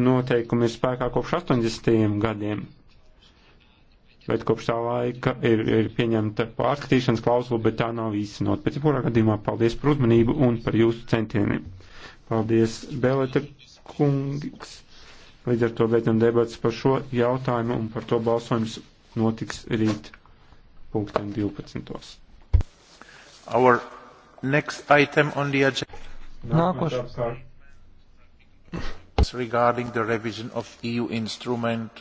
noteikumi ir spēkā kopš 80. gadiem, bet kopš tā laika ir, ir pieņemta pārskatīšanas klausula, bet tā nav īstenot. Pēc jebkurā gadījumā paldies par uzmanību un par jūsu centieniem. Paldies, Belete kungs. Līdz ar to beidzam debats par šo jautājumu un par to balsojums notiks rīt pulksten 12. Our next item on the agenda. Nākošais regarding the revision of EU instrument.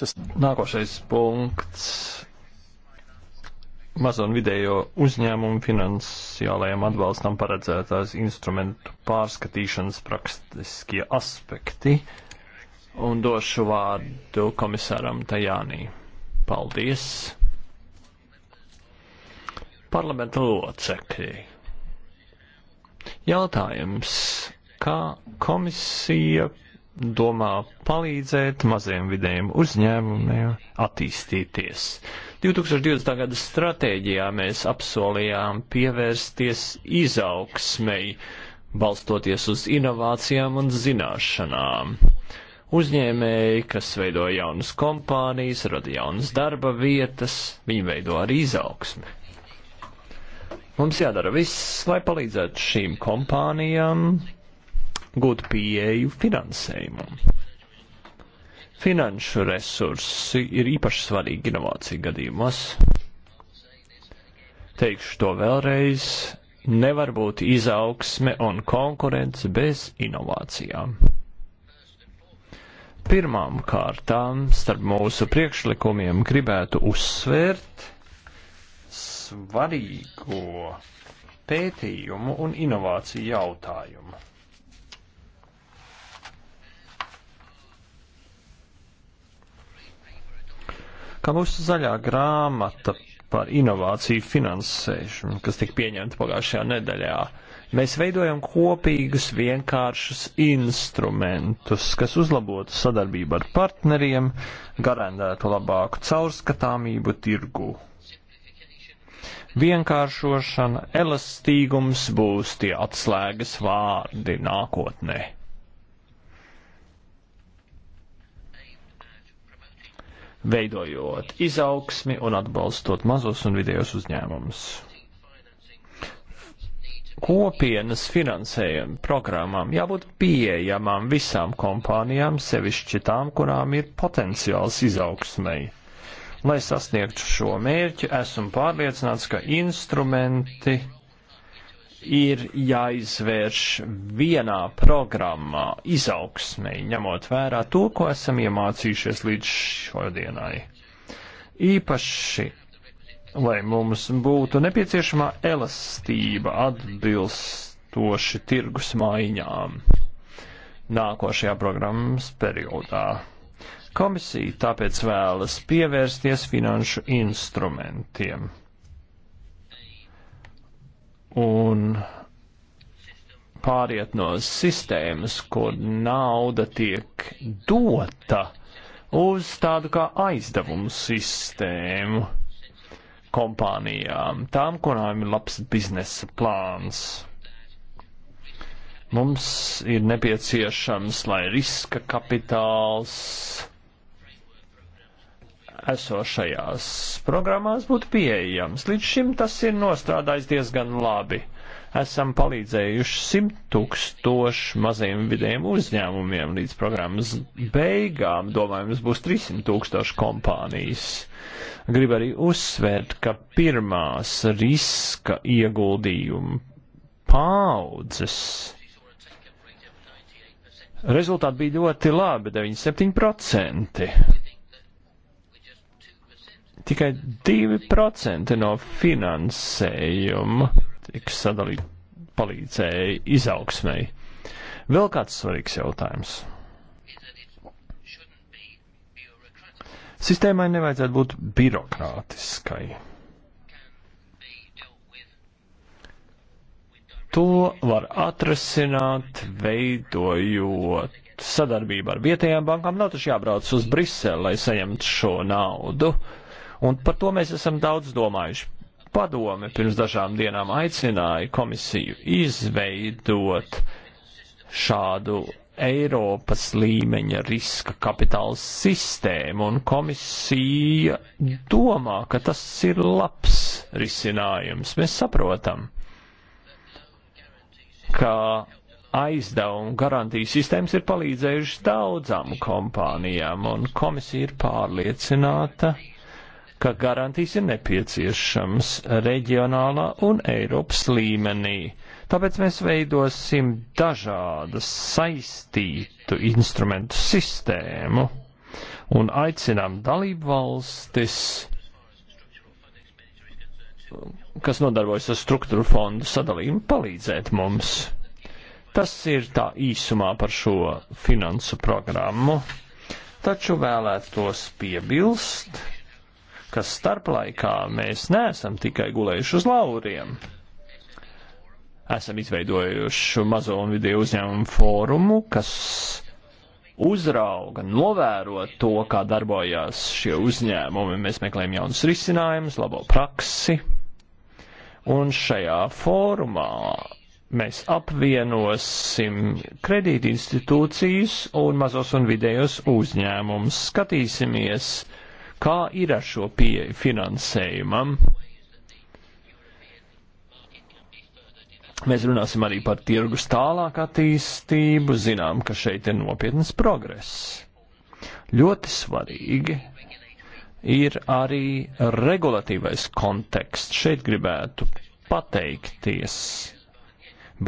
Tas nākošais punkts mazo un vidējo uzņēmumu finansiālajiem atbalstam paredzētās instrumentu pārskatīšanas praktiskie aspekti un došu vārdu komisāram Tajānī. Paldies! Parlamenta locekļi. Jautājums kā komisija domā palīdzēt maziem vidējiem uzņēmumiem attīstīties. 2020. gada stratēģijā mēs apsolījām pievērsties izaugsmei, balstoties uz inovācijām un zināšanām. Uzņēmēji, kas veido jaunas kompānijas, rada jaunas darba vietas, viņi veido arī izaugsmi. Mums jādara viss, lai palīdzētu šīm kompānijām gūt pieeju finansējumam. Finanšu resursi ir īpaši svarīgi inovāciju gadījumos. Teikšu to vēlreiz, nevar būt izaugsme un konkurence bez inovācijām. Pirmām kārtām starp mūsu priekšlikumiem gribētu uzsvērt svarīgo pētījumu un inovāciju jautājumu. ka mūsu zaļā grāmata par inovāciju finansēšanu, kas tika pieņemta pagājušajā nedēļā, mēs veidojam kopīgus vienkāršus instrumentus, kas uzlabotu sadarbību ar partneriem, garantētu labāku caurskatāmību tirgu. Vienkāršošana, elastīgums būs tie atslēgas vārdi nākotnē. veidojot izaugsmi un atbalstot mazos un vidējos uzņēmumus. Kopienas finansējuma programmām jābūt pieejamām visām kompānijām, sevišķi tām, kurām ir potenciāls izaugsmei. Lai sasniegtu šo mērķi, esmu pārliecināts, ka instrumenti ir jāizvērš vienā programmā izaugsmei, ņemot vērā to, ko esam iemācījušies līdz šodienai. Īpaši, lai mums būtu nepieciešamā elastība atbilstoši tirgus maiņām nākošajā programmas periodā. Komisija tāpēc vēlas pievērsties finanšu instrumentiem un pāriet no sistēmas, kur nauda tiek dota, uz tādu kā aizdevumu sistēmu kompānijām, tām, kurām ir labs biznesa plāns. Mums ir nepieciešams, lai riska kapitāls esošajās programmās būtu pieejams. Līdz šim tas ir nostrādājis diezgan labi. Esam palīdzējuši simt tūkstošu maziem vidējiem uzņēmumiem līdz programmas beigām. Domājams, būs 300 tūkstoši kompānijas. Gribu arī uzsvērt, ka pirmās riska ieguldījumu paudzes rezultāti bija ļoti labi - 97% tikai 2% no finansējuma tiks sadalīt palīdzēja izaugsmai. Vēl kāds svarīgs jautājums. Sistēmai nevajadzētu būt birokrātiskai. To var atrasināt, veidojot sadarbību ar vietējām bankām. Nav taču jābrauc uz Briseli, lai saņemtu šo naudu. Uh, Un par to mēs esam daudz domājuši. Padome pirms dažām dienām aicināja komisiju izveidot šādu Eiropas līmeņa riska kapitāla sistēmu, un komisija domā, ka tas ir labs risinājums. Mēs saprotam, ka aizdevumu garantiju sistēmas ir palīdzējušas daudzām kompānijām, un komisija ir pārliecināta, ka garantijas ir nepieciešams reģionālā un Eiropas līmenī. Tāpēc mēs veidosim dažādas saistītu instrumentu sistēmu un aicinām dalību valstis, kas nodarbojas ar struktūru fondu sadalījumu, palīdzēt mums. Tas ir tā īsumā par šo finansu programmu, taču vēlētos piebilst, ka starplaikā mēs neesam tikai gulējuši uz lauriem. Esam izveidojuši mazo un vidēju uzņēmumu fórumu, kas uzrauga, novēro to, kā darbojās šie uzņēmumi. Mēs meklējam jaunus risinājumus, labo praksi. Un šajā fórumā mēs apvienosim kredītinstitūcijas un mazos un vidējos uzņēmumus. Skatīsimies, uh, Kā ir ar šo pieeju finansējumam? Mēs runāsim arī par tirgus tālāk attīstību, zinām, ka šeit ir nopietnas progress. Ļoti svarīgi ir arī regulatīvais konteksts. Šeit gribētu pateikties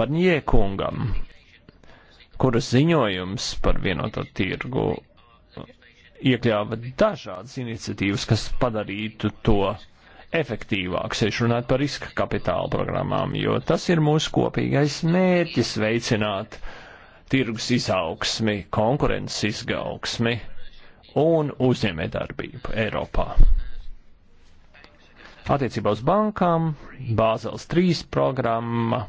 Barņiekungam, kuras ziņojums par vienoto tirgu iekļāva dažādas iniciatīvas, kas padarītu to efektīvāks, ja runāt par riska kapitāla programmām, jo tas ir mūsu kopīgais mērķis veicināt tirgus izaugsmi, konkurences izaugsmi un uzņēmējdarbību Eiropā. Attiecībā uz bankām Bāzels 3 programma,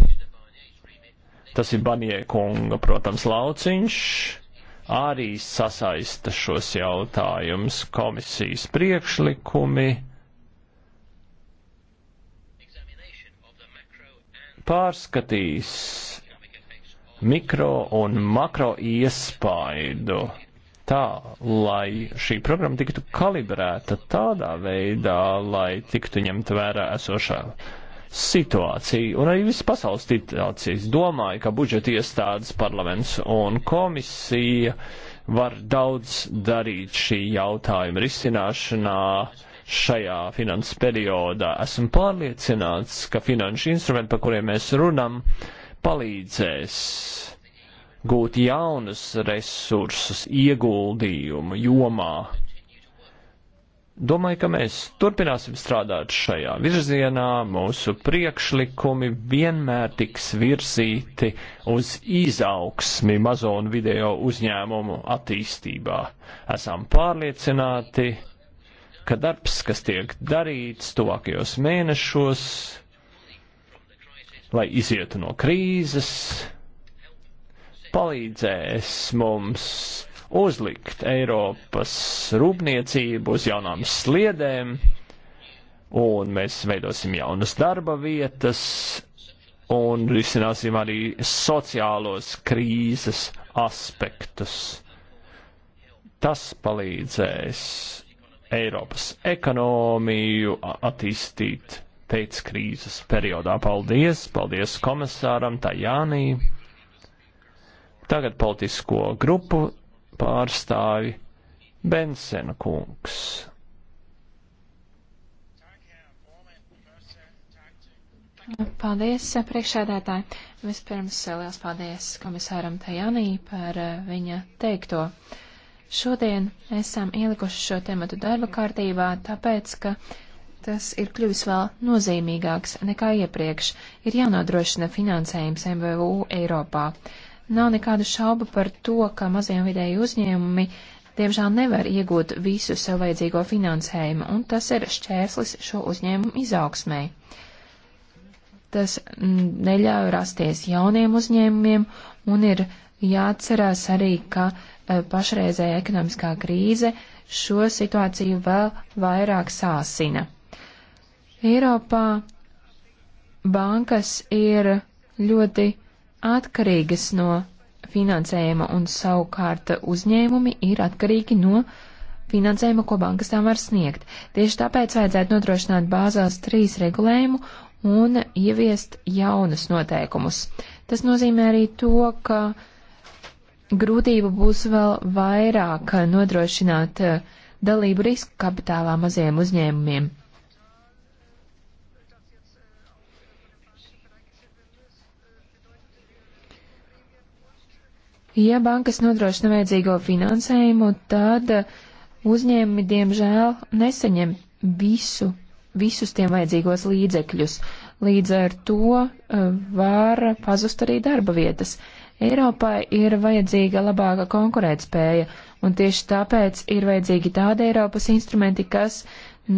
tas ir Banjē kunga, protams, lauciņš, arī sasaista šos jautājumus komisijas priekšlikumi. Pārskatīs mikro un makro iespaidu tā, lai šī programma tiktu kalibrēta tādā veidā, lai tiktu ņemt vērā esošā situāciju un arī visas pasaules situācijas. Domāju, ka budžeta iestādes parlaments un komisija var daudz darīt šī jautājuma risināšanā šajā finanses periodā. Esmu pārliecināts, ka finanšu instrumenti, par kuriem mēs runam, palīdzēs gūt jaunus resursus ieguldījumu jomā, Domāju, ka mēs turpināsim strādāt šajā virzienā. Mūsu priekšlikumi vienmēr tiks virzīti uz izaugsmi mazo un video uzņēmumu attīstībā. Esam pārliecināti, ka darbs, kas tiek darīts tuvākajos mēnešos, lai izietu no krīzes, palīdzēs mums uzlikt Eiropas rūpniecību uz jaunām sliedēm, un mēs veidosim jaunas darba vietas, un risināsim arī sociālos krīzes aspektus. Tas palīdzēs Eiropas ekonomiju attīstīt pēc krīzes periodā. Paldies, paldies komisāram Tajānī. Tagad politisko grupu pārstāvi Bensena kungs. Paldies, priekšēdētāji. Vispirms eh, liels paldies komisāram Tajanī par eh, viņa teikto. Šodien esam ielikuši šo tematu darba kārtībā, tāpēc, ka tas ir kļuvis vēl nozīmīgāks nekā iepriekš. Ir jānodrošina finansējums MVU Eiropā. Nav nekādu šaubu par to, ka mazie un vidēji uzņēmumi diemžēl nevar iegūt visu sev vajadzīgo finansējumu, un tas ir šķērslis šo uzņēmumu izaugsmēji tas mm, neļauj rasties jauniem uzņēmumiem un ir jāatcerās arī, ka eh, pašreizēja ekonomiskā krīze šo situāciju vēl vairāk sāsina. Eiropā bankas ir ļoti atkarīgas no finansējuma, un savukārt uzņēmumi ir atkarīgi no finansējuma, ko bankas tām var sniegt. Tieši tāpēc vajadzētu nodrošināt bāzās trīs regulējumu un ieviest jaunus noteikumus. Tas nozīmē arī to, ka grūtība būs vēl vairāk nodrošināt dalību riska kapitālā maziem uzņēmumiem. Ja bankas nodrošina vajadzīgo finansējumu, tad uzņēmumi, diemžēl, nesaņem visu, visus tiem vajadzīgos līdzekļus. Līdz ar to eh, var pazust arī darba vietas. Eiropai ir vajadzīga labāka konkurētspēja, un tieši tāpēc ir vajadzīgi tādi Eiropas instrumenti, kas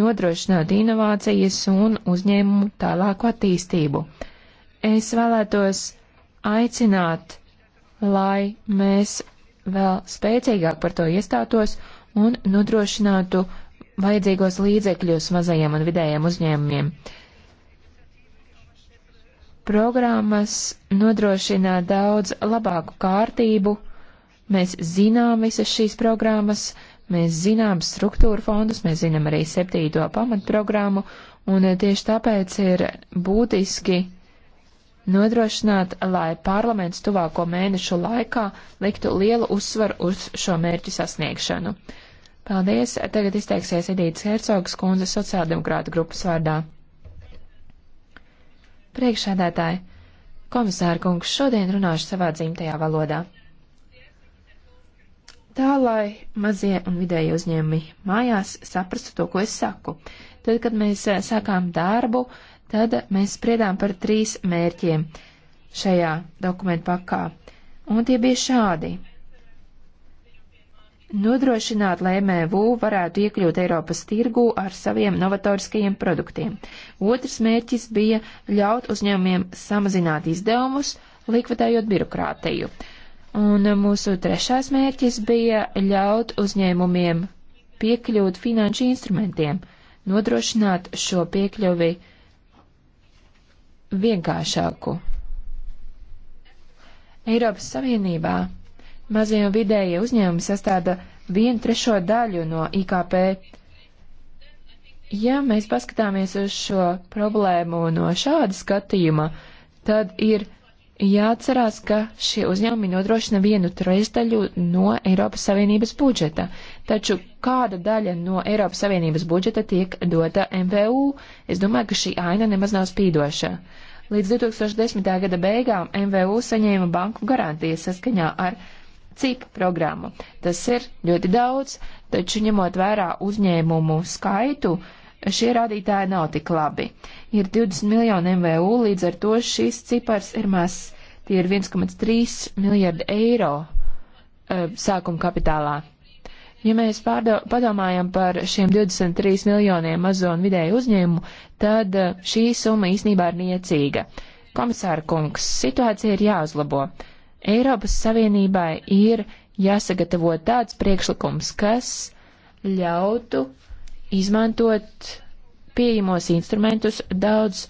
nodrošinātu inovācijas un uzņēmumu tālāku attīstību. Es vēlētos aicināt lai mēs vēl spēcīgāk par to iestātos un nodrošinātu vajadzīgos līdzekļus mazajiem un vidējiem uzņēmumiem. Programmas nodrošina daudz labāku kārtību, mēs zinām visas šīs programmas, mēs zinām struktūru fondus, mēs zinām arī septīto pamatprogrammu, un tieši tāpēc ir būtiski nodrošināt, lai parlaments tuvāko mēnešu laikā liktu lielu uzsvaru uz šo mērķu sasniegšanu. Paldies! Tagad izteiksies Edītas Hercogas kundze sociāldemokrāta grupas vārdā. Priekšsēdētāji, komisāra kungs, šodien runāšu savā dzimtajā valodā. Tā, lai mazie un vidēji uzņēmumi mājās saprastu to, ko es saku. Tad, kad mēs sākām darbu, Tad mēs spriedām par trīs mērķiem šajā dokumentu pakā, un tie bija šādi. Nodrošināt, lai MVU varētu iekļūt Eiropas tirgū ar saviem novatoriskajiem produktiem. Otrs mērķis bija ļaut uzņēmumiem samazināt izdevumus, likvidējot birokrātiju. Un mūsu trešais mērķis bija ļaut uzņēmumiem piekļūt finanšu instrumentiem, nodrošināt šo piekļuvi uh, vienkāršāku. Eiropas Savienībā mazie un vidējie uzņēmumi sastāda vienu trešo daļu no IKP. Ja mēs paskatāmies uz šo problēmu no šāda skatījuma, tad ir Jāatcerās, ka šie uzņēmumi nodrošina vienu trešdaļu no Eiropas Savienības budžeta, taču kāda daļa no Eiropas Savienības budžeta tiek dota MVU? Es domāju, ka šī aina nemaz nav spīdoša. Līdz 2010. gada beigām MVU saņēma banku garantijas saskaņā ar CIP programmu. Tas ir ļoti daudz, taču ņemot vērā uzņēmumu skaitu, uh, šie rādītāji nav tik labi. Ir 20 miljoni MVU, līdz ar to šis cipars ir mazs. Tie ir 1,3 miljardi eiro eh, sākuma kapitālā. Ja mēs pārdo, padomājam par šiem 23 miljoniem mazo un vidēju uzņēmumu, tad eh, šī summa īsnībā ir niecīga. Komisāra kungs, situācija ir jāuzlabo. Eiropas Savienībai ir jāsagatavo tāds priekšlikums, kas ļautu izmantot pieejamos instrumentus daudz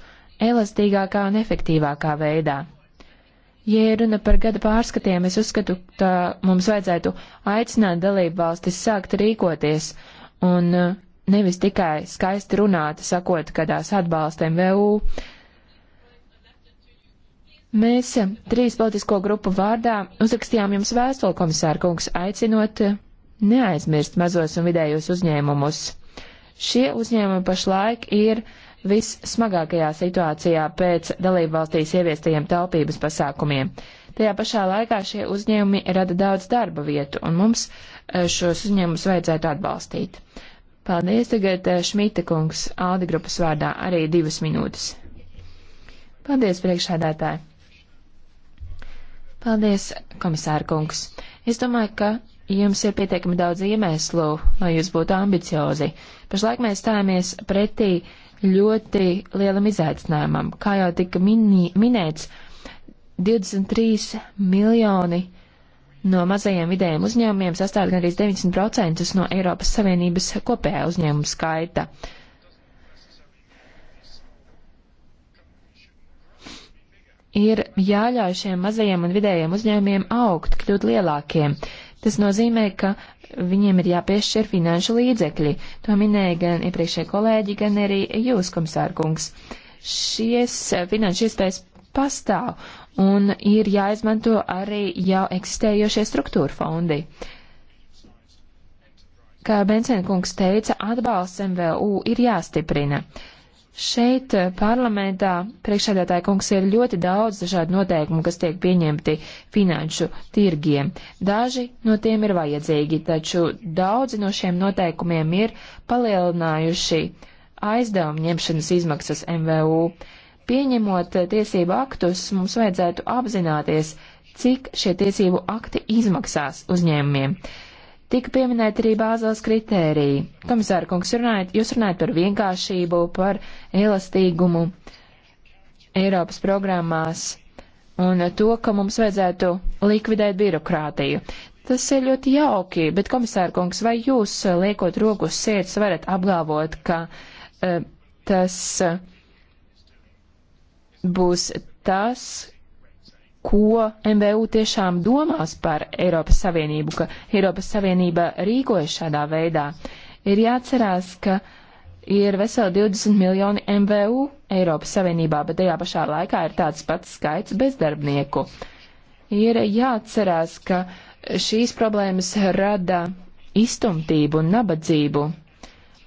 elastīgākā un efektīvākā veidā. Ja runa par gada pārskatiem, es uzskatu, ka mums vajadzētu aicināt dalību valstis sākt rīkoties un uh, nevis tikai skaisti runāt, sakot, kādās atbalstam VU. Mēs trīs politisko grupu vārdā uzrakstījām jums vēstuli, komisāra kungs, aicinot neaizmirst mazos un vidējos uzņēmumus. Šie uzņēmumi pašlaik ir vissmagākajā situācijā pēc dalībvalstīs ieviestajiem taupības pasākumiem. Tajā pašā laikā šie uzņēmumi rada daudz darba vietu, un mums eh, šos uzņēmumus vajadzētu atbalstīt. Paldies tagad eh, Šmita kungs, Aldi grupas vārdā, arī divas minūtes. Paldies, priekšādātāji! Paldies, komisāra kungs! Es domāju, ka Jums ir pietiekami daudz iemeslu, lai jūs būtu ambiciozi. Pašlaik mēs stājamies pretī ļoti lielam izaicinājumam. Kā jau tika mini, minēts, 23 miljoni no mazajiem vidējiem uzņēmumiem sastāv gandrīz 90% no Eiropas Savienības kopējā uzņēmuma skaita. Ir jāļauj šiem mazajiem un vidējiem uzņēmumiem augt, kļūt lielākiem. Tas nozīmē, ka viņiem ir jāpiešķir finanšu līdzekļi. To minēja gan iepriekšējie kolēģi, gan arī jūs, komisārkungs. Šies eh, finanšu iespējas pastāv un ir jāizmanto arī jau eksistējošie struktūra fondi. Kā Bensēna kungs teica, atbalsts MVU ir jāstiprina. Šeit eh, parlamentā priekšsēdētāja kungs ir ļoti daudz dažādu noteikumu, kas tiek pieņemti finanšu tirgiem. Daži no tiem ir vajadzīgi, taču daudzi no šiem noteikumiem ir palielinājuši aizdevumu ņemšanas izmaksas MVU. Pieņemot eh, tiesību aktus, mums vajadzētu apzināties, cik šie tiesību akti izmaksās uzņēmumiem. Uh, Tika pieminēti arī bāzās kritēriji. Komisāra kungs, runājot, jūs runājat par vienkāršību, par elastīgumu Eiropas programmās un to, ka mums vajadzētu likvidēt birokrātiju. Tas ir ļoti jauki, bet komisāra kungs, vai jūs eh, liekot roku uz sirds varat apgalvot, ka uh, tas uh, būs tas, ko MBU tiešām domās par Eiropas Savienību, ka Eiropas Savienība rīkojas šādā veidā. Ir jāatcerās, ka ir veseli 20 miljoni MBU Eiropas Savienībā, bet tajā pašā laikā ir tāds pats skaits bezdarbnieku. Ir jāatcerās, ka šīs problēmas rada iztumtību un nabadzību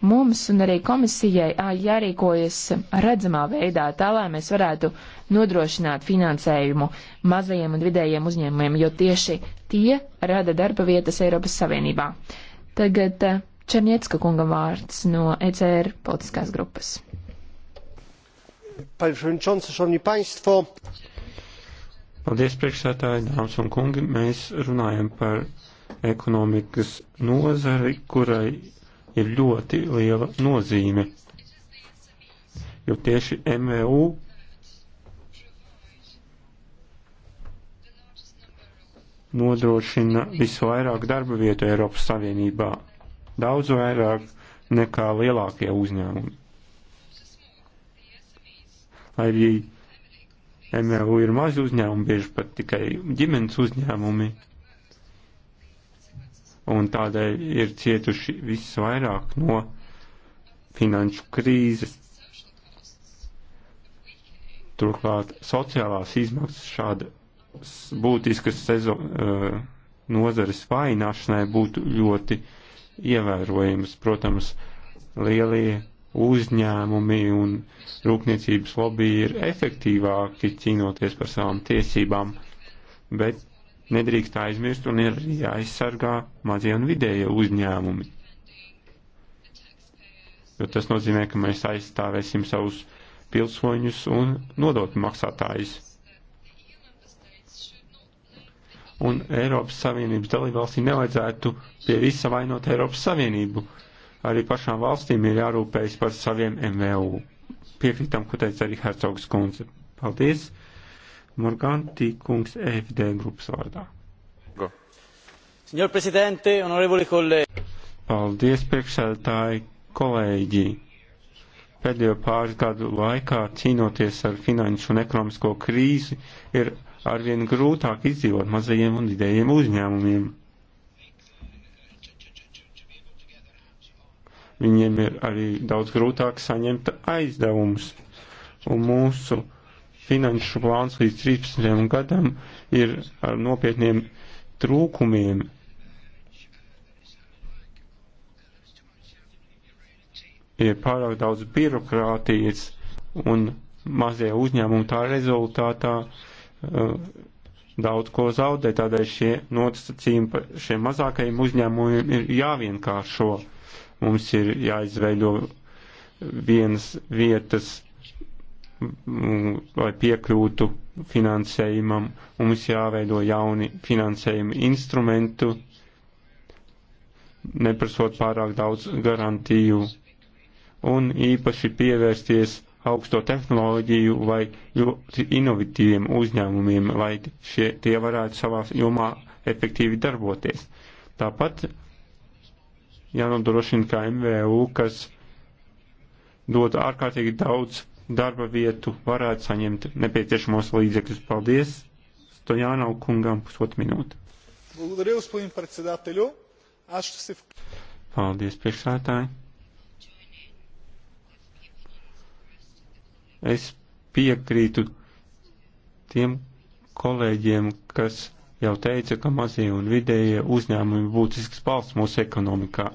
mums un arī komisijai jārīkojas redzamā veidā, tā lai mēs varētu nodrošināt finansējumu mazajiem un vidējiem uzņēmumiem, jo tieši tie rada darba vietas Eiropas Savieniībā. Tagad Černiecka kunga vārds no ECR politiskās grupas. Paldies, priekšsētāji, dāmas un kungi. Mēs runājam par ekonomikas nozari, kurai ir ļoti liela nozīme, jo tieši MVU nodrošina visvairāk darba vietu Eiropas Savienībā, daudz vairāk nekā lielākie uzņēmumi. Lai arī MVU ir mazi uzņēmumi, bieži pat tikai ģimenes uzņēmumi, un tādēļ ir cietuši visvairāk no finanšu krīzes. Turklāt sociālās izmaksas šādas būtiskas sezon, eh, nozares vaināšanai būtu ļoti ievērojamas. Protams, lielie uzņēmumi un rūpniecības lobby ir efektīvāki cīnoties par savām tiesībām, bet nedrīkst aizmirst un ir jāaizsargā mazie un vidējie uzņēmumi. Jo tas nozīmē, ka mēs aizstāvēsim savus pilsoņus un nodokļu maksātājus. Un Eiropas Savienības dalībvalstī nevajadzētu pie visa vainot Eiropas Savienību. Arī pašām valstīm ir jārūpējas par saviem MVU. Piekrītam, ko teica arī Hercogs kundze. Paldies! Morganti kungs EFD grupas vārdā. Go. Signor Presidente, onorevoli kolēģi. Paldies, priekšsēdētāji, kolēģi. Pēdējo pāris gadu laikā cīnoties ar finanšu un ekonomisko krīzi ir arvien grūtāk izdzīvot mazajiem un vidējiem uzņēmumiem. Viņiem ir arī daudz grūtāk saņemt aizdevumus, un mūsu finanšu plāns līdz 13. gadam ir ar nopietniem trūkumiem. Ir pārāk daudz birokrātijas un mazie uzņēmumi tā rezultātā uh, daudz ko zaudē, tādēļ šie nosacījumi šiem mazākajiem uzņēmumiem ir jāvienkāršo. Mums ir jāizveido vienas vietas lai piekļūtu finansējumam, un mums jāveido jauni finansējuma instrumentu, neprasot pārāk daudz garantiju, un īpaši pievērsties augsto tehnoloģiju vai ļoti inovatīviem uzņēmumiem, lai šie, tie varētu savā jomā efektīvi darboties. Tāpat jānodrošina, ka MVU, kas dod ārkārtīgi daudz darba vietu, varētu saņemt nepieciešamos līdzekļus. Paldies Stojānau kungam pusotru minūti. Paldies, priekšsētāji. Es piekrītu tiem kolēģiem, kas jau teica, ka mazie un vidējie uzņēmumi ir būtisks balsts mūsu ekonomikā.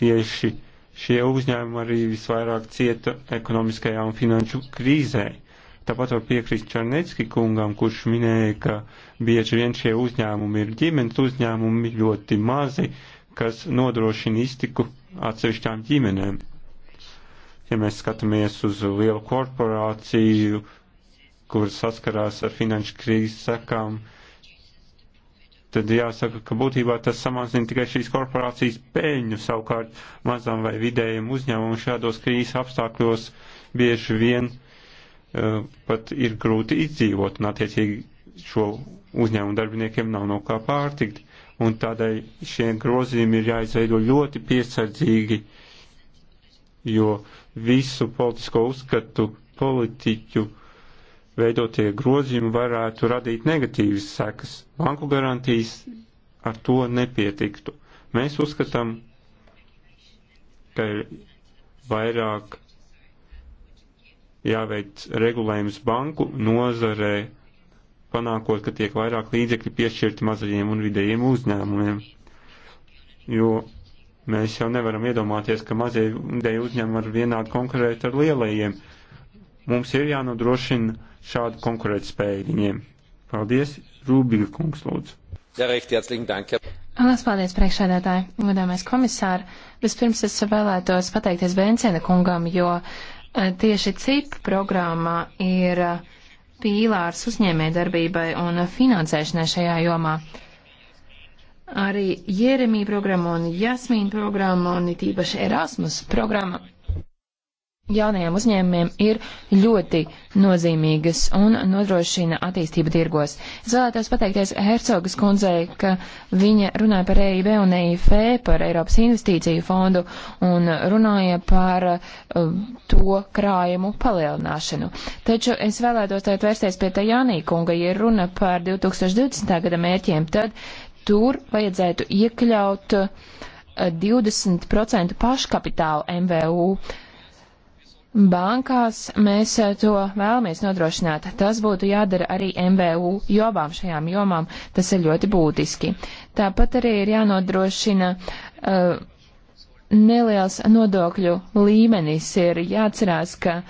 Tieši Šie uzņēmumi arī visvairāk cieta ekonomiskajā un finanšu krīzē. Tāpat var piekrist Čarnecki kungam, kurš minēja, ka bieži vien šie uzņēmumi ir ģimenes uzņēmumi ļoti mazi, kas nodrošina iztiku atsevišķām ģimenēm. Ja mēs skatāmies uz lielu korporāciju, kur saskarās ar finanšu krīzes sekām, uh, tad jāsaka, ka būtībā tas samazina tikai šīs korporācijas peļņu. Savukārt mazam vai vidējiem uzņēmumam šādos krīzes apstākļos bieži vien uh, pat ir grūti izdzīvot, un attiecīgi šo uzņēmumu darbiniekiem nav no kā pārtikt. Un tādēļ šie grozījumi ir jāizveido ļoti piesardzīgi, jo visu politisko uzskatu politiķu veidotie grozījumi varētu radīt negatīvas sekas. Banku garantijas ar to nepietiktu. Mēs uzskatām, ka ir vairāk jāveic regulējums banku nozarē, panākot, ka tiek vairāk līdzekļi piešķirti mazajiem un vidējiem uzņēmumiem. Jo mēs jau nevaram iedomāties, ka mazie un vidēji uzņēmumi var vienādi konkurēt ar lielajiem. Mums ir jānodrošina šādu konkurētspēju viņiem. Paldies, Rūbiga kungs, lūdzu. Ja, recht, herzlichen Dank. Lielas paldies, priekšsēdētāji, godāmais komisāri. Vispirms es vēlētos pateikties Bēncēna kungam, jo eh, tieši CIP programmā ir eh, pīlārs uzņēmē darbībai un finansēšanai šajā jomā arī Jeremija programma un Jasmīna programma un it īpaši Erasmus programma jaunajiem uzņēmumiem ir ļoti nozīmīgas un nodrošina attīstību tirgos. Es vēlētos pateikties Hercogas kundzei, ka viņa runāja par EIB un EIF, par Eiropas investīciju fondu un runāja par uh, to krājumu palielināšanu. Taču es vēlētos tagad vērsties pie tā Jānī kunga, ja runa par 2020. gada mērķiem, tad tur vajadzētu iekļaut 20% paškapitālu MVU. Uh, Bankās mēs eh, to vēlamies nodrošināt. Tas būtu jādara arī MVU, jo abām šajām jomām tas ir ļoti būtiski. Tāpat arī ir jānodrošina uh, neliels nodokļu līmenis. Ir jāatcerās, ka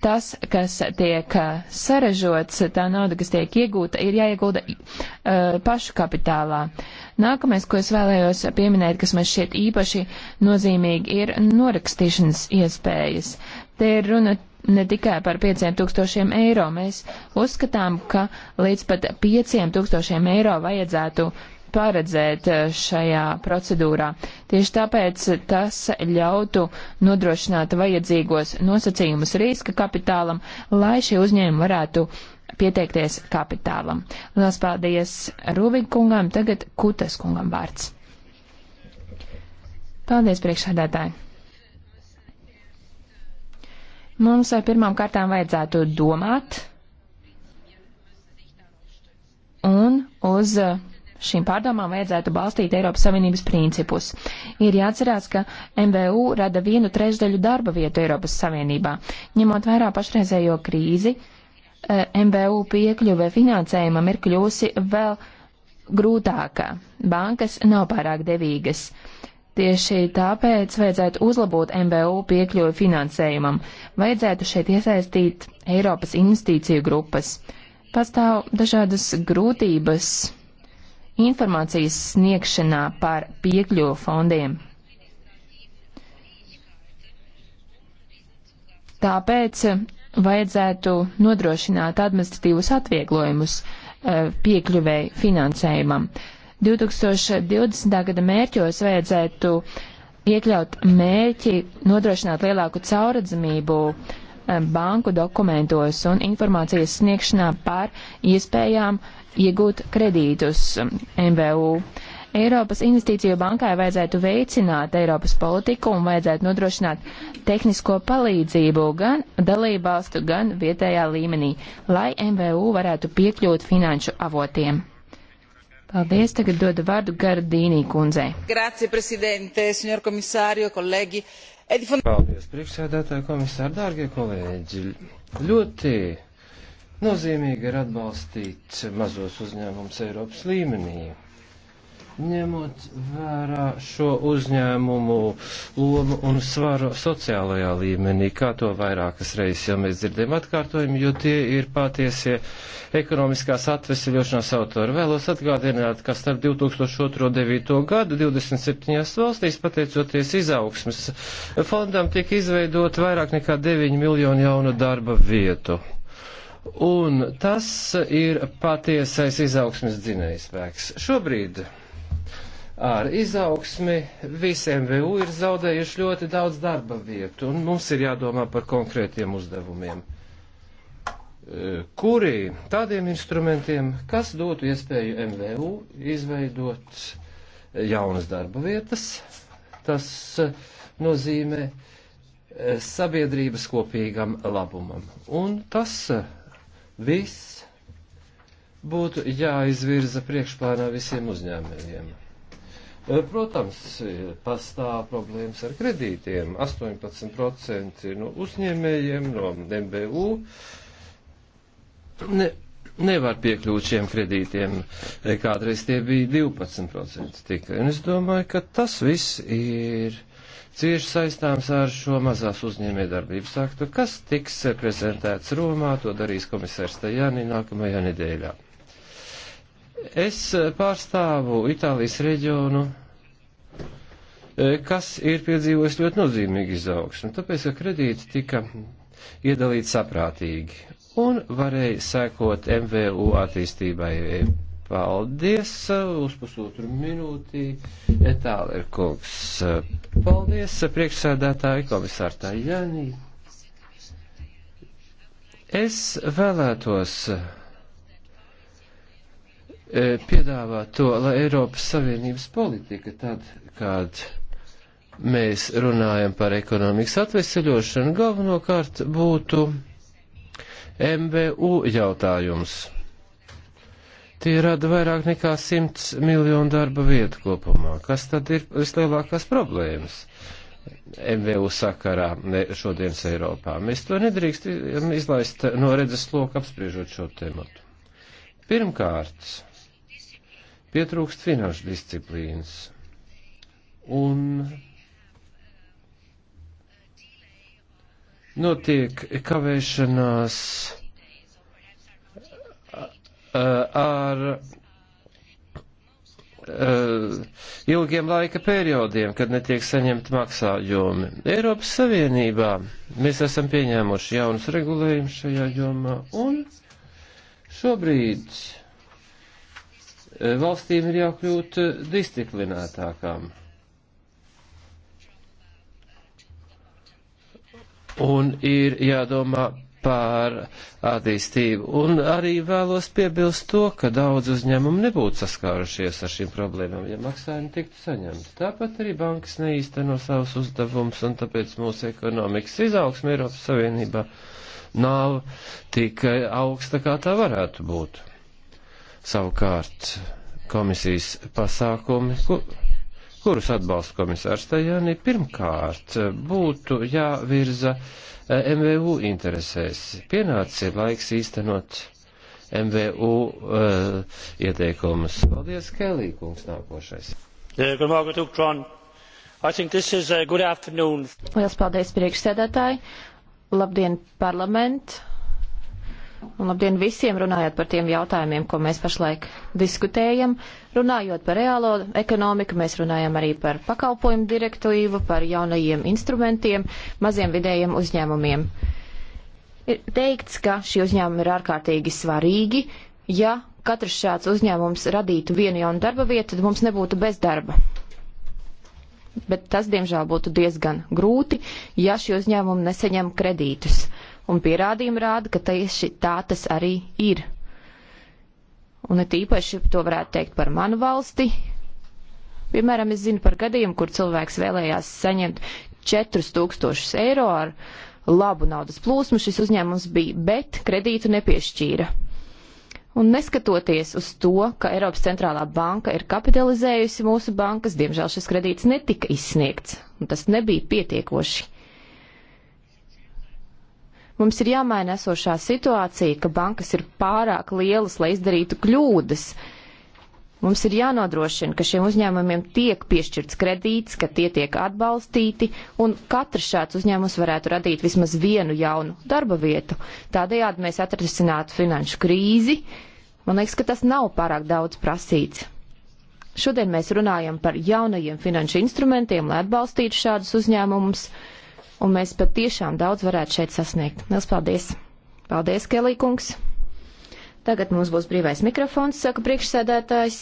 tas, kas tiek eh, saražots, tā nauda, kas tiek iegūta, ir jāiegūda uh, pašu kapitālā. Uh, Nākamais, ko es vēlējos pieminēt, kas man šķiet īpaši nozīmīgi, ir norakstīšanas iespējas. Te ir runa ne tikai par 5000 eiro. Mēs uzskatām, ka līdz pat 5000 eiro vajadzētu paredzēt eh, šajā procedūrā. Tieši tāpēc tas ļautu nodrošināt vajadzīgos nosacījumus riska kapitālam, lai šie uzņēmumi varētu pieteikties kapitālam. Lielas paldies Rūvīgkungam, tagad Kutas kungam vārds. Paldies, priekšsēdētāji! Mums pirmām kārtām vajadzētu domāt un uz šīm pārdomām vajadzētu balstīt Eiropas Savienības principus. Ir jāatcerās, ka MVU rada vienu trešdaļu darba vietu Eiropas Savienībā. Ņemot vērā pašreizējo krīzi, Eh, MBU piekļuve finansējumam ir kļūsi vēl grūtākā. Bankas nav pārāk devīgas. Tieši tāpēc vajadzētu uzlabot MBU piekļuvi finansējumam. Vajadzētu šeit iesaistīt Eiropas investīciju grupas. Pastāv dažādas grūtības informācijas sniegšanā par piekļuvu fondiem. Tāpēc vajadzētu nodrošināt administratīvus atvieglojumus eh, piekļuvēju finansējumam. 2020. gada mērķos vajadzētu iekļaut mērķi nodrošināt lielāku cauradzamību eh, banku dokumentos un informācijas sniegšanā par iespējām iegūt kredītus eh, MVU. Uh, Eiropas investīciju bankai vajadzētu veicināt Eiropas politiku un vajadzētu nodrošināt tehnisko palīdzību gan dalībvalstu, gan vietējā līmenī, lai MVU varētu piekļūt finanšu avotiem. Paldies, tagad dodu vārdu Gardīnī kundzei. Grazie, prezidente, signor komisārio, kolēģi. Edifon... Paldies, priekšsēdētāji komisāri, dārgie kolēģi. Ļoti nozīmīgi ir atbalstīt mazos uzņēmumus Eiropas līmenī ņemot vērā šo uzņēmumu lomu un svaru sociālajā līmenī, kā to vairākas reizes jau mēs dzirdējam atkārtojumu, jo tie ir patiesie ekonomiskās atvesļošanās autori. Vēlos atgādināt, ka starp 2002. un 2009. gadu 27. valstīs, pateicoties izaugsmes fondam, tika izveidot vairāk nekā 9 miljonu jaunu darba vietu. Un tas ir patiesais izaugsmes dzinējspēks. Šobrīd ar izaugsmi, visi MVU ir zaudējuši ļoti daudz darba vietu, un mums ir jādomā par konkrētiem uzdevumiem. E, kuri tādiem instrumentiem, kas dotu iespēju MVU izveidot jaunas darba vietas, tas nozīmē e, sabiedrības kopīgam labumam. Un tas e, viss būtu jāizvirza priekšplānā visiem uzņēmējiem. E, protams, e, pastāv problēmas ar kredītiem. 18% no uzņēmējiem, no MBU ne, nevar piekļūt šiem kredītiem. E, kādreiz tie bija 12% tikai. Un es domāju, ka tas viss ir cieši saistāms ar šo mazās uzņēmējdarbības aktu, kas tiks prezentēts Romā, to darīs komisārs Tajāni nākamajā nedēļā. Es eh, pārstāvu Itālijas reģionu, eh, kas ir piedzīvojis ļoti nozīmīgu izaugsmu, tāpēc, ka kredīti tika iedalīti saprātīgi un varēja sekot MVU attīstībai. Paldies eh, uz pusotru minūti, Etāler kungs. Paldies, priekšsēdētāji komisāri Tajani. Es vēlētos E, piedāvā to, lai Eiropas Savienības politika tad, kad mēs runājam par ekonomikas atveseļošanu, galvenokārt būtu MBU jautājums. Tie rada vairāk nekā 100 miljonu darba vietu kopumā. Kas tad ir vislielākās problēmas? MVU sakarā šodienas Eiropā. Mēs to nedrīkst izlaist no redzes loka apspriežot šo tematu. Pirmkārt, Pietrūkst finanšu disciplīnas. Un notiek kavēšanās ar ilgiem laika periodiem, kad netiek saņemt maksājumi. Eiropas Savienībā mēs esam pieņēmuši jaunus regulējumus šajā jomā, un šobrīd Eh, valstīm ir jākļūt eh, disciplinētākām. Un ir jādomā par attīstību. Un arī vēlos piebilst to, ka daudz uzņēmumu nebūtu saskārušies ar šīm problēmām, ja maksājumi tiktu saņemti. Tāpat arī bankas neīsteno savus uzdevumus, un tāpēc mūsu ekonomikas izaugsme Eiropas Savienībā nav tik eh, augsta, kā tā varētu būt. Savukārt komisijas pasākumi, kur, kurus atbalsta komisārs Tajāni, pirmkārt būtu jāvirza e, MVU interesēs. Pienācis ir laiks īstenot MVU uh, e, ieteikumus. Paldies, Kelī, kungs, nākošais. E, Lielas paldies, priekšsēdētāji. Labdien, parlament un labdien visiem runājot par tiem jautājumiem, ko mēs pašlaik diskutējam. Runājot par reālo ekonomiku, mēs runājam arī par pakalpojumu direktīvu, par jaunajiem instrumentiem, maziem vidējiem uzņēmumiem. Ir teikts, ka šie uzņēmumi ir ārkārtīgi svarīgi. Ja katrs šāds uzņēmums radītu vienu jaunu darba vietu, tad mums nebūtu bezdarba. Bet tas, diemžēl, būtu diezgan grūti, ja šie uzņēmumi neseņem kredītus. Uh, un pierādījumi rāda, ka tieši tā tas arī ir. Un it īpaši to varētu teikt par manu valsti. Piemēram, es zinu par gadījumu, kur cilvēks vēlējās saņemt 4000 eiro ar labu naudas plūsmu, šis uzņēmums bija, bet kredītu nepiešķīra. Un neskatoties uz to, ka Eiropas centrālā banka ir kapitalizējusi mūsu bankas, diemžēl šis kredīts netika izsniegts, un tas nebija pietiekoši. Mums ir jāmaina esošā situācija, ka bankas ir pārāk lielas, lai izdarītu kļūdas. Mums ir jānodrošina, ka šiem uzņēmumiem tiek piešķirts kredīts, ka tie tiek atbalstīti, un katrs šāds uzņēmums varētu radīt vismaz vienu jaunu darba vietu. Tādējādi mēs atrisinātu finanšu krīzi. Man liekas, ka tas nav pārāk daudz prasīts. Šodien mēs runājam par jaunajiem finanšu instrumentiem, lai atbalstītu šādus uzņēmumus. Uh, un mēs patiešām daudz varētu šeit sasniegt. Liels paldies! Paldies, Kelīkungs! Tagad mums būs brīvais mikrofons, saka priekšsēdētājs.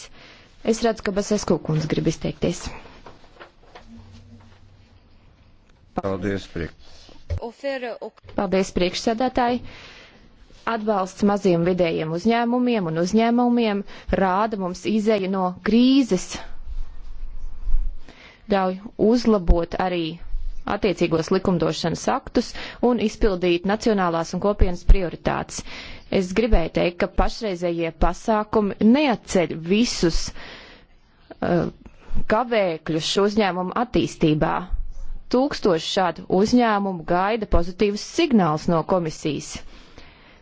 Es redzu, ka Basesku kundze grib izteikties. Paldies, priekš. Paldies priekšsēdētāji. Atbalsts maziem vidējiem uzņēmumiem un uzņēmumiem rāda mums izēju no krīzes. Ļauj uzlabot arī attiecīgos likumdošanas aktus un izpildīt nacionālās un kopienas prioritātes. Es gribēju teikt, ka pašreizējie pasākumi neatceļ visus uh, kavēkļus šo uzņēmumu attīstībā. Tūkstoši šādu uzņēmumu gaida pozitīvus signālus no komisijas.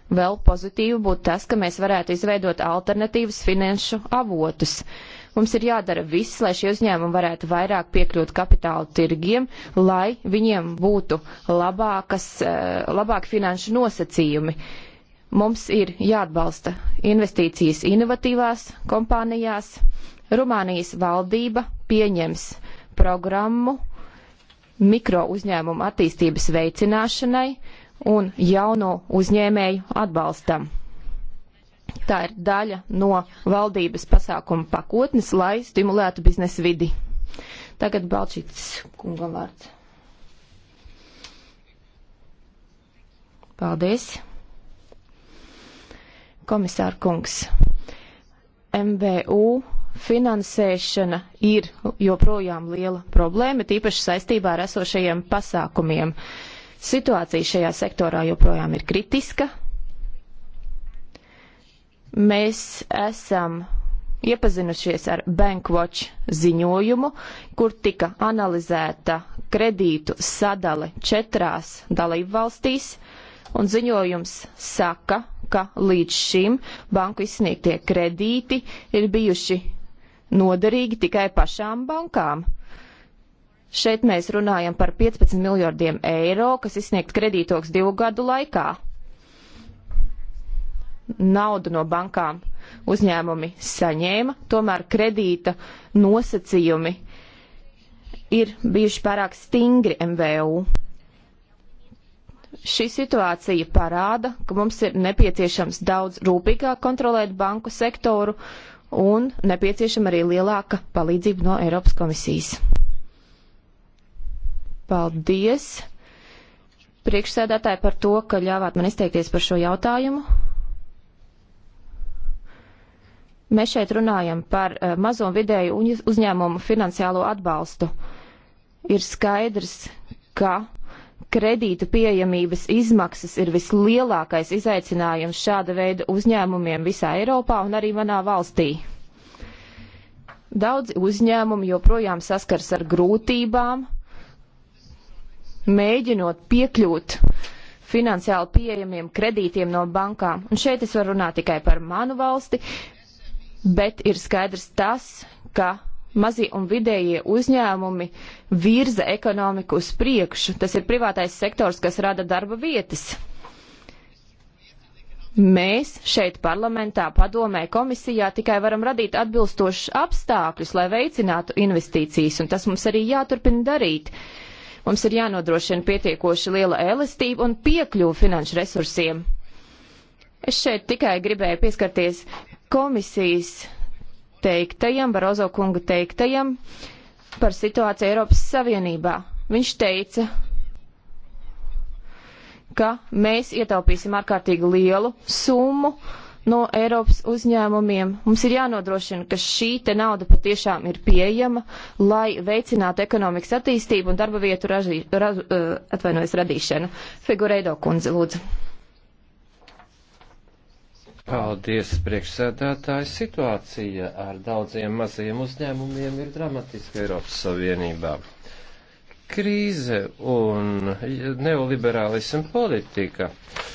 Vēl pozitīvi būtu tas, ka mēs varētu izveidot alternatīvas finanšu avotus. Uh, Mums ir jādara viss, lai šie uzņēmumi varētu vairāk piekļūt kapitāla tirgiem, lai viņiem būtu labākas, eh, labāki finanšu nosacījumi. Mums ir jāatbalsta investīcijas inovatīvās kompānijās. Rumānijas valdība pieņems programmu mikro uzņēmumu attīstības veicināšanai un jauno uzņēmēju atbalstam. Tā ir daļa no valdības pasākuma pakotnes, lai stimulētu biznesa vidi. Tagad Balčītis kungam vārds. Paldies. Komisāra kungs. MBU finansēšana ir joprojām liela problēma, tīpaši saistībā ar esošajiem pasākumiem. Situācija šajā sektorā joprojām ir kritiska, Mēs esam iepazinušies ar Bankwatch ziņojumu, kur tika analizēta kredītu sadale četrās dalībvalstīs, un ziņojums saka, ka līdz šim banku izsniegtie kredīti ir bijuši noderīgi tikai pašām bankām. Šeit mēs runājam par 15 miljardiem eiro, kas izsniegt kredītoks divu gadu laikā naudu no bankām uzņēmumi saņēma, tomēr kredīta nosacījumi ir bijuši pārāk stingri MVU. Šī situācija parāda, ka mums ir nepieciešams daudz rūpīgāk kontrolēt banku sektoru un nepieciešama arī lielāka palīdzība no Eiropas komisijas. Paldies priekšsēdētāji par to, ka ļāvāt man izteikties par šo jautājumu. Mēs šeit runājam par eh, mazo un vidēju uzņēmumu finansiālo atbalstu. Ir skaidrs, ka kredītu pieejamības izmaksas ir vislielākais izaicinājums šāda veida uzņēmumiem visā Eiropā un arī manā valstī. Daudzi uzņēmumi joprojām saskars ar grūtībām, mēģinot piekļūt finansiāli pieejamiem kredītiem no bankām. Un šeit es varu runāt tikai par manu valsti, bet ir skaidrs tas, ka mazie un vidējie uzņēmumi virza ekonomiku uz priekšu. Tas ir privātais sektors, kas rada darba vietas. Mēs šeit parlamentā, padomē, komisijā tikai varam radīt atbilstošus apstākļus, lai veicinātu investīcijas, un tas mums arī jāturpina darīt. Mums ir jānodrošina pietiekoši liela elastība un piekļuva finanšu resursiem. Es šeit tikai gribēju pieskarties komisijas teiktajam, Barozo kunga teiktajam par situāciju Eiropas Savienībā. Viņš teica, ka mēs ietaupīsim ārkārtīgi lielu summu no Eiropas uzņēmumiem. Mums ir jānodrošina, ka šī te nauda patiešām ir pieejama, lai veicinātu ekonomikas attīstību un darba vietu raži, ra, eh, atvainojas radīšanu. Figureido kundze, lūdzu. Paldies, priekšsēdētāji. Situācija ar daudziem maziem uzņēmumiem ir dramatiska Eiropas Savienībā. Krīze un neoliberālisma politika uh,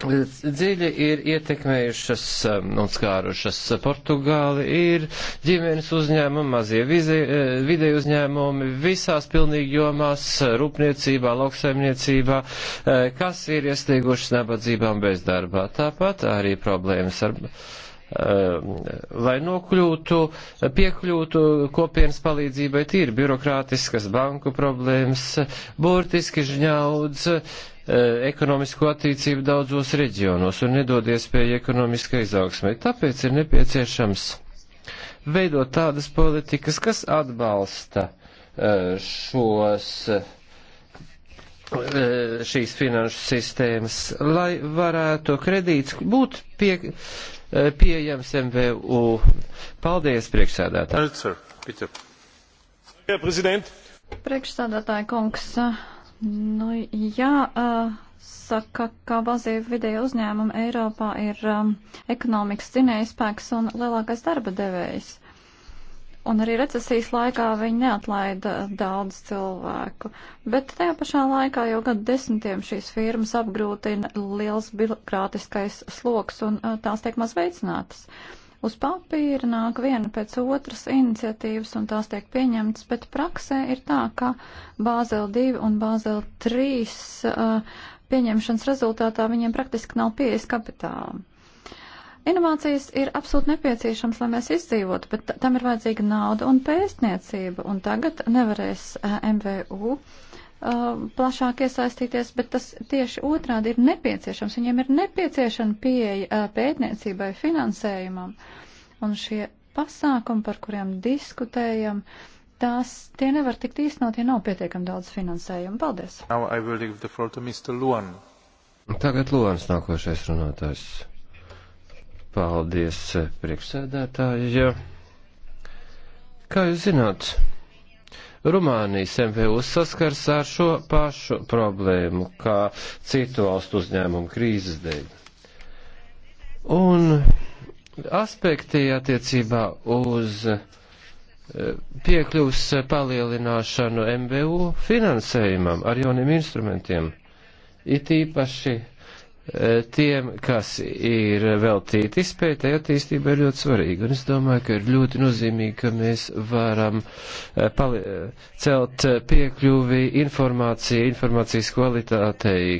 dziļi ir ietekmējušas um, un skārušas Portugāli, ir ģimenes uzņēmumi, mazie eh, vidēji uzņēmumi visās pilnīgi jomās, rūpniecībā, lauksaimniecībā, eh, kas ir iestīgušas nabadzībām bezdarbā. Tāpat arī problēmas ar eh, lai nokļūtu, piekļūtu kopienas palīdzībai, tīri birokrātiskas banku problēmas, burtiski žņaudz E, ekonomisko attīcību daudzos reģionos un nedod iespēju ekonomiskai izaugsmai. Tāpēc ir nepieciešams veidot tādas politikas, kas atbalsta e, šos e, šīs finanšu sistēmas, lai varētu kredīts būt pie, pieejams MVU. Paldies, priekšsēdētāji. Priekšsēdētāji kungs, Nu, jā, eh, saka, ka mazie vidēji uzņēmumi Eiropā ir um, ekonomikas cinējspēks un lielākais darba devējs. Un arī recesijas laikā viņi neatlaida daudz cilvēku. Bet tajā pašā laikā jau gadu desmitiem šīs firmas apgrūtina liels birokrātiskais sloks un uh, tās tiek maz veicinātas. Uh, Uz papīra nāk viena pēc otras iniciatīvas un tās tiek pieņemtas, bet praksē ir tā, ka Bāzela 2 un Bāzela 3 uh, pieņemšanas rezultātā viņiem praktiski nav pieejas kapitāla. Inovācijas ir absolūti nepieciešams, lai mēs izdzīvotu, bet tam ir vajadzīga nauda un pēstniecība, un tagad nevarēs eh, MVU uh, uh, plašāk iesaistīties, bet tas tieši otrādi ir nepieciešams. Viņiem ir nepieciešama pieeja uh, pētniecībai, finansējumam. Un šie pasākumi, par kuriem diskutējam, tās, tie nevar tikt īstenot, ja nav pietiekam daudz finansējumu. Paldies! Tagad Luans nākošais runātājs. Paldies, priekšsēdētāji. Kā jūs zināt, Rumānijas MVU saskars ar šo pašu problēmu, kā citu valstu uzņēmumu krīzes dēļ. Un aspekti attiecībā uz e, piekļuvs palielināšanu MVU finansējumam ar jauniem instrumentiem, it īpaši E, tiem, kas ir veltīti izpētē, attīstība ir ļoti svarīga. Un es domāju, ka ir ļoti nozīmīgi, ka mēs varam e, pali, e, celt piekļuvi informācija, informācijas kvalitātei,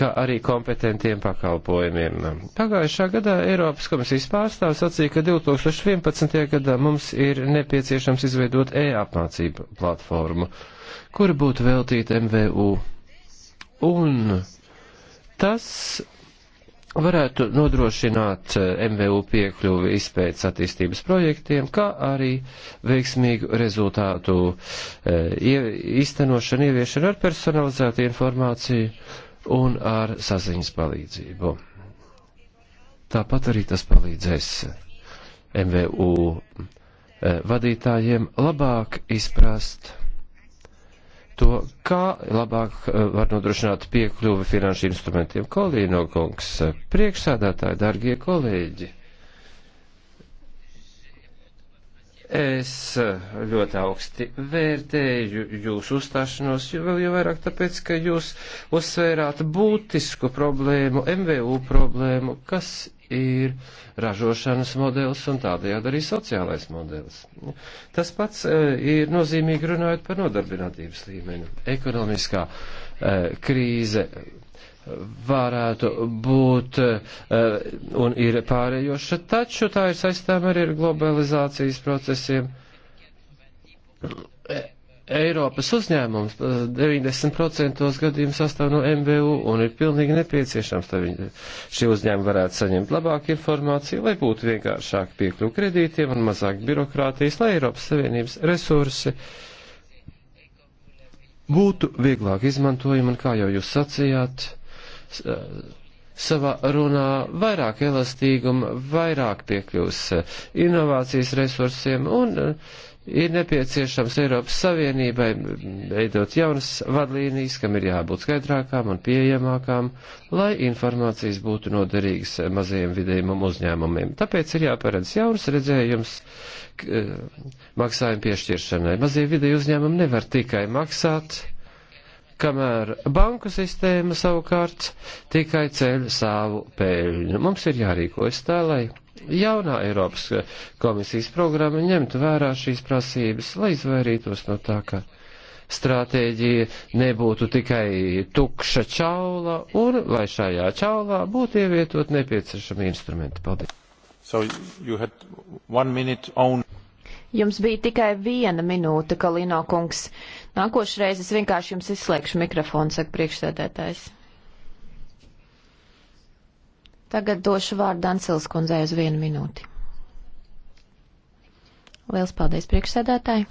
kā arī kompetentiem pakalpojumiem. Pagājušā gadā Eiropas komisijas pārstāvs sacīja, ka 2011. gadā mums ir nepieciešams izveidot e-apmācību platformu, kura būtu veltīta MVU. Un Tas varētu nodrošināt eh, MVU piekļuvi izpētes attīstības projektiem, kā arī veiksmīgu rezultātu eh, īstenošanu, ieviešanu ar personalizētu informāciju un ar saziņas palīdzību. Tāpat arī tas palīdzēs eh, MVU vadītājiem labāk izprast to, kā labāk eh, var nodrošināt piekļuvi finanšu instrumentiem. Kolīno kungs, priekšsādātāji, dargie kolēģi! Es eh, ļoti augsti vērtēju jūsu uzstāšanos, jo vēl jau vairāk tāpēc, ka jūs uzsvērāt būtisku problēmu, MVU problēmu, kas ir ražošanas modelis un tādējādi arī sociālais modelis. Tas pats eh, ir nozīmīgi runājot par nodarbinātības līmeni. Ekonomiskā eh, krīze varētu būt eh, un ir pārējoša, taču tā ir saistām arī ar globalizācijas procesiem. E, Eiropas uzņēmums 90% eh, gadījumu sastāv no MVU un ir pilnīgi nepieciešams, lai viņi, šie uzņēmumi varētu saņemt labāku informāciju, lai būtu vienkāršāk piekļuvu kredītiem un mazāk birokrātijas, lai Eiropas Savienības resursi būtu vieglāk izmantojumi un, kā jau jūs sacījāt, Eh, savā runā vairāk elastīguma, vairāk piekļūs eh, inovācijas resursiem un eh, ir nepieciešams Eiropas Savienībai mm, veidot jaunas vadlīnijas, kam ir jābūt skaidrākām un pieejamākām, lai informācijas būtu noderīgas mazajiem vidējumam uzņēmumiem. Tāpēc ir jāparedz jauns redzējums maksājuma piešķiršanai. Mazie vidēji uzņēmumi nevar tikai maksāt kamēr banku sistēma savukārt tikai ceļ savu pēļņu. Mums ir jārīkojas tā, lai jaunā Eiropas komisijas programma ņemtu vērā šīs prasības, lai izvairītos no tā, ka stratēģija nebūtu tikai tukša čaula, un lai šajā čaulā būtu ievietot nepieciešami instrumenti. Paldies! So you had one minute on. Jums bija tikai viena minūte, Kalino kungs. Uh, Nākošreiz es vienkārši jums izslēgšu mikrofonu, saka priekšsēdētājs. Tagad došu vārdu Dancils kundzei uz vienu minūti. Liels paldies priekšsēdētāji.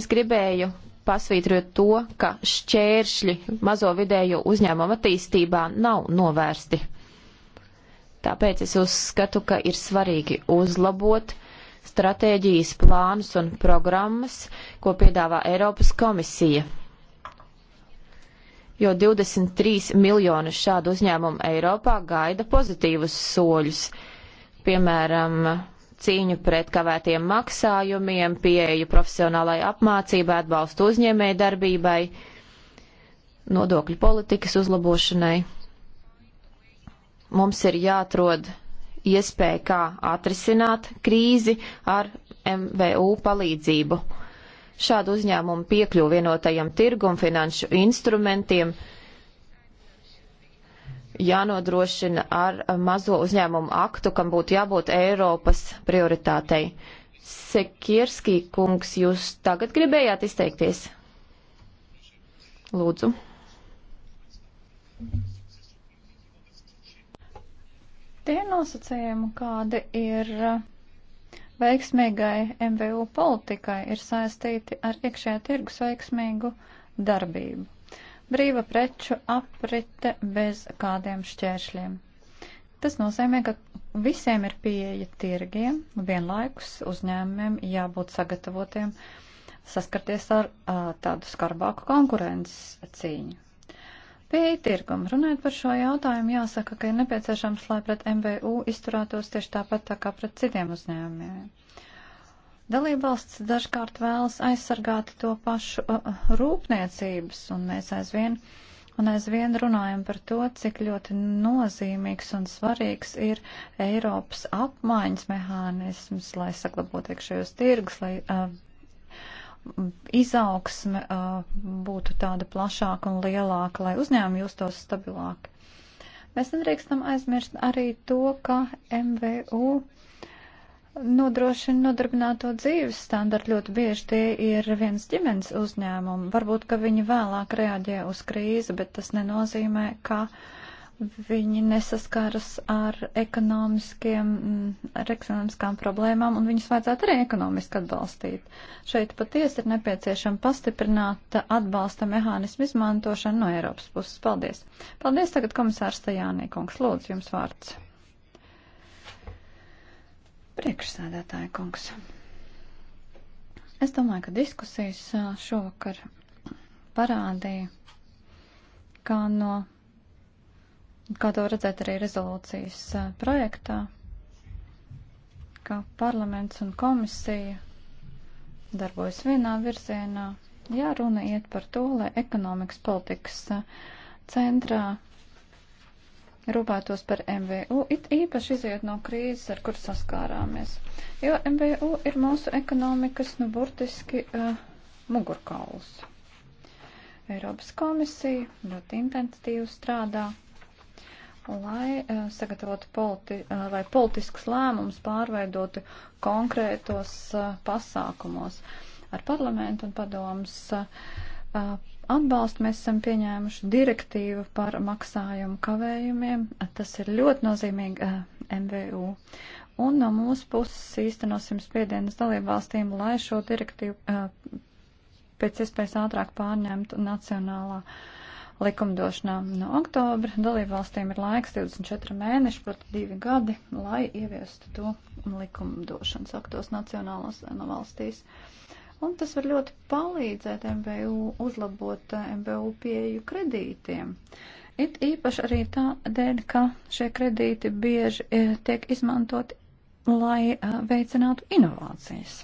Es gribēju pasvītrot to, ka šķēršļi mazo vidējo uzņēmumu attīstībā nav novērsti. Tāpēc es uzskatu, ka ir svarīgi uzlabot uh, stratēģijas plānus un programmas, ko piedāvā Eiropas komisija. Jo 23 miljonus šādu uzņēmumu Eiropā gaida pozitīvus soļus, piemēram, cīņu pret kavētiem maksājumiem, pieeju profesionālai apmācībai, atbalstu uzņēmēju darbībai, nodokļu politikas uzlabošanai. Mums ir jāatrod iespēja, kā atrisināt krīzi ar MVU palīdzību. Šādu uzņēmumu piekļuvu vienotajam tirgum finanšu instrumentiem jānodrošina ar mazo uzņēmumu aktu, kam būtu jābūt Eiropas prioritātei. Sekierskī kungs, jūs tagad gribējāt izteikties? Lūdzu. Thank you tie nosacījumi, kādi ir eh, veiksmīgai MVU politikai, ir saistīti ar iekšējā tirgus veiksmīgu darbību. Brīva preču aprite bez kādiem šķēršļiem. Tas nozīmē, ka visiem ir pieeja tirgiem, vienlaikus uzņēmumiem jābūt sagatavotiem saskarties ar uh, tādu skarbāku konkurences cīņu. Pētirgumu. Runājot par šo jautājumu, jāsaka, ka ir nepieciešams, lai pret MVU izturētos tieši tāpat tā kā pret citiem uzņēmumiem. Dalībvalsts dažkārt vēlas aizsargāt to pašu uh, uh, rūpniecības, un mēs aizvien, un aizvien runājam par to, cik ļoti nozīmīgs un svarīgs ir Eiropas apmaiņas mehānisms, lai saglabotu iekšējos tirgus, lai uh, izaugsme būtu tāda plašāka un lielāka, lai uzņēmumi justos stabilāk. Mēs nedrīkstam aizmirst arī to, ka MVU nodrošina nodarbināto dzīves standartu. Ļoti bieži tie ir viens ģimenes uzņēmumi. Varbūt, ka viņi vēlāk reaģē uz krīzi, bet tas nenozīmē, ka. Uh, Viņi nesaskaras ar, mm, ar ekonomiskām problēmām, un viņus vajadzētu arī ekonomiski atbalstīt. Šeit patiesi ir nepieciešama pastiprināta atbalsta mehānismu izmantošana no Eiropas puses. Paldies! Paldies tagad komisārs Tajānī, kungs, lūdzu, jums vārds. Priekšsēdētāja kungs. Es domāju, ka diskusijas šovakar parādīja, kā no kā to redzēt arī rezolūcijas projektā, ka parlaments un komisija darbojas vienā virzienā. Jā, runa iet par to, lai ekonomikas politikas centrā rūpētos par MVU, it īpaši iziet no krīzes, ar kur saskārāmies. Jo MVU ir mūsu ekonomikas, nu, burtiski uh, mugurkauls. Eiropas komisija ļoti intensīvi strādā lai eh, sagatavotu politi, eh, lai politiskus lēmumus pārveidotu konkrētos eh, pasākumos. Ar parlamentu un padomus atbalstu mēs esam pieņēmuši direktīvu par maksājumu kavējumiem. Tas ir ļoti nozīmīgi MVU. Un no mūsu puses īstenosim spiedienas dalībvalstīm, lai šo direktīvu pēc iespējas ātrāk pārņemtu nacionālā uh, likumdošanā. No oktobra dalībvalstīm ir laiks 24 mēneši, proti divi gadi, lai ieviestu to likumdošanas aktos nacionālās no valstīs. Un tas var ļoti palīdzēt MBU uzlabot eh, MBU pieju kredītiem. It īpaši arī tādēļ, ka šie kredīti bieži eh, tiek izmantoti, lai eh, veicinātu inovācijas.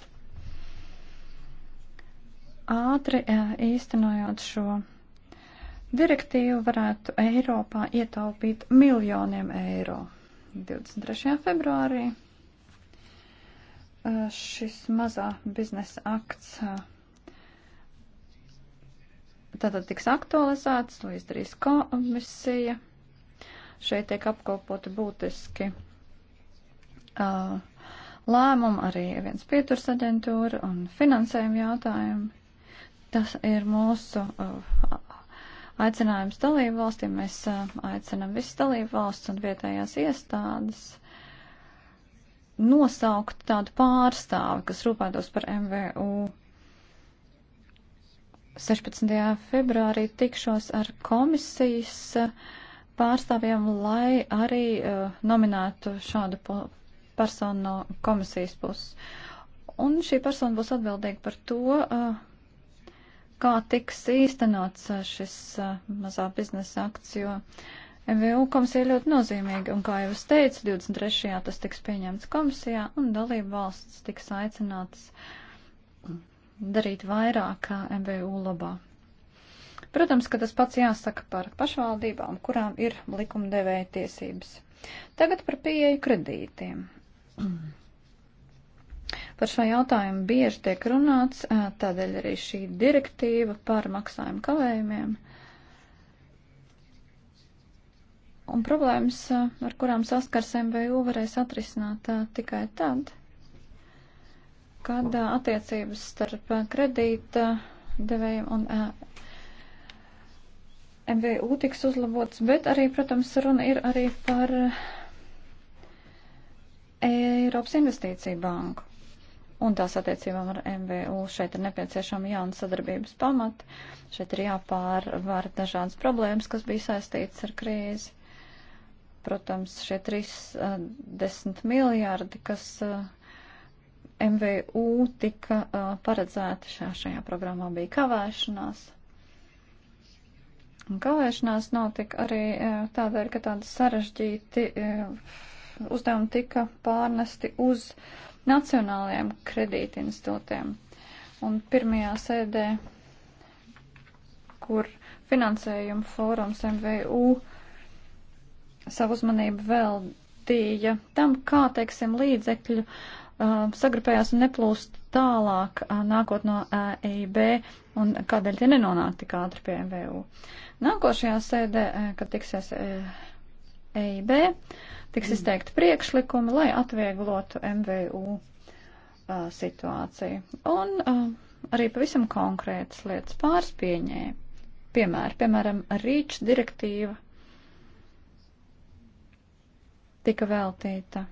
Ātri īstenojot šo Direktīva varētu Eiropā ietaupīt miljoniem eiro. 23. februārī eh, šis mazā biznesa akts eh, tātad tiks aktualizēts, to izdarīs komisija. Šeit tiek apkopoti būtiski uh, lēmumi, arī viens pieturs aģentūra un finansējuma jautājumi. Tas ir mūsu uh, aicinājums dalību valstīm. Mēs aicinām visas dalību valsts un vietējās iestādes nosaukt tādu pārstāvi, kas rūpētos par MVU. 16. februārī tikšos ar komisijas pārstāvjiem, lai arī uh, nominētu šādu personu no komisijas puses. Un šī persona būs atbildīga par to, uh, kā tiks īstenots uh, šis uh, mazā biznesa akts, jo MVU komisija ir ļoti nozīmīga, un kā jau es teicu, 23. tas tiks pieņemts komisijā, un dalību valsts tiks aicināts darīt vairāk uh, MVU labā. Protams, ka tas pats jāsaka par pašvaldībām, kurām ir likumdevēja tiesības. Tagad par pieeju kredītiem. Par šo jautājumu bieži tiek runāts, tādēļ arī šī direktīva par maksājumu kavējumiem. Un problēmas, ar kurām saskars MVU, varēs atrisināt tikai tad, kad attiecības starp kredīta devējiem un MVU tiks uzlabotas, bet arī, protams, runa ir arī par Eiropas investīciju banku un tās attiecībām ar MVU. Šeit ir nepieciešama jauna sadarbības pamata, šeit ir jāpārvar dažādas problēmas, kas bija saistītas ar krīzi. Protams, šie 30 miljārdi, kas MVU tika paredzēti šajā, šajā programmā, bija kavēšanās. Un kavēšanās notika arī tādēļ, ka tādi sarežģīti uzdevumi tika pārnesti uz uh, nacionālajiem kredītinstitūtiem. Un pirmajā sēdē, kur finansējuma fórums MVU savu uzmanību veltīja tam, kā, teiksim, līdzekļu uh, sagrupējās un neplūst tālāk uh, nākot no uh, EIB un kādēļ tie nenonāk tik ātri pie MVU. Nākošajā sēdē, uh, kad tiksies uh, EIB, tiks izteikti priekšlikumi, lai atvieglotu MVU situāciju. Un uh, arī pavisam konkrētas lietas pārspieņēja. Piemēr, piemēram, rīča direktīva tika veltīta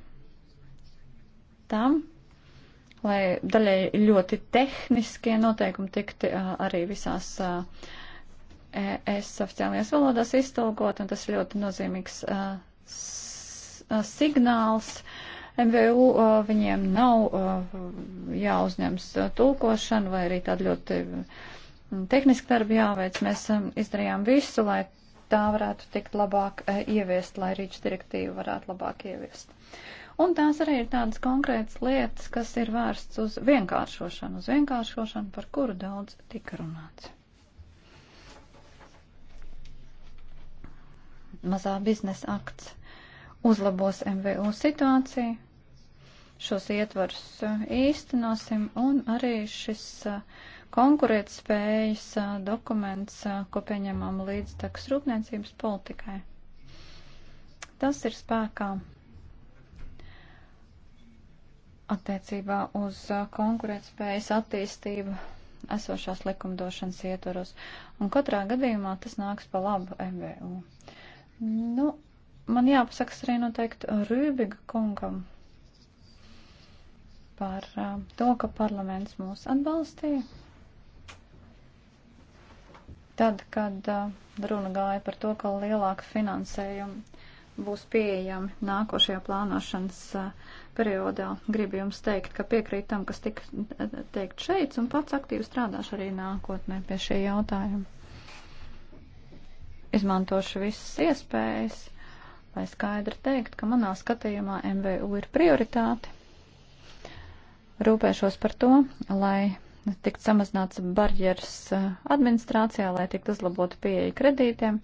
tam, lai daļai ļoti tehniskie noteikumi tikti uh, arī visās uh, ES oficiālajās valodās iztulkot, un tas ir ļoti nozīmīgs uh, Uh, signāls. MVU uh, viņiem nav uh, jāuzņems tulkošana vai arī tāda ļoti mm, tehniska darba jāveic. Mēs um, izdarījām visu, lai tā varētu tikt labāk ieviest, lai rīču direktīvu varētu labāk ieviest. Un tās arī ir tādas konkrētas lietas, kas ir vērsts uz vienkāršošanu, uz vienkāršošanu, par kuru daudz tika runāts. Mazā biznesa akts uzlabos MVU situāciju, šos ietvarus uh, īstenosim un arī šis uh, konkurētspējas uh, dokuments, ko pieņemam līdz taks rūpniecības politikai. Tas ir spēkā attiecībā uz konkurētspējas attīstību esošās likumdošanas ietvaros. Un katrā gadījumā tas nāks pa labu MVU. Nu, Man jāpasakas arī noteikti Rūbiga kungam par uh, to, ka parlaments mūs atbalstīja. Tad, kad uh, runa gāja par to, ka lielāka finansējuma būs pieejami nākošajā plānošanas uh, periodā, gribu jums teikt, ka piekrīt tam, kas tika teikt šeit, un pats aktīvi strādāšu arī nākotnē pie šī jautājuma. Izmantošu visas iespējas vai skaidri teikt, ka manā skatījumā MVU ir prioritāte. Rūpēšos par to, lai tikt samazināts barjeras eh, administrācijā, lai tikt uzlabota pieeja kredītiem,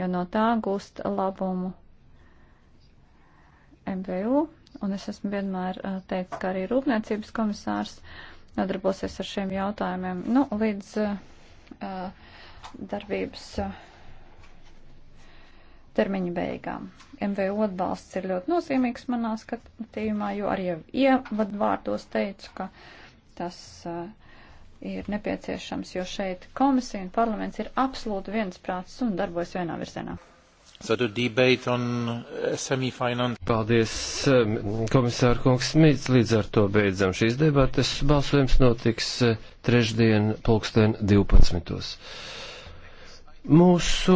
jo no tā gūst labumu MVU. Un es esmu vienmēr eh, teicis, ka arī rūpniecības komisārs nodarbosies ar šiem jautājumiem. Nu, līdz uh, darbības. Uh, termiņa beigām. MVO atbalsts ir ļoti nozīmīgs manā skatījumā, jo arī ievadvārdos teicu, ka tas uh, ir nepieciešams, jo šeit komisija un parlaments ir absolūti viensprāts un darbojas vienā virzienā. So e Paldies, um, komisāra kungs Smits, līdz ar to beidzam šīs debates. Balsojums notiks uh, trešdien, pulksten 12. Mūsu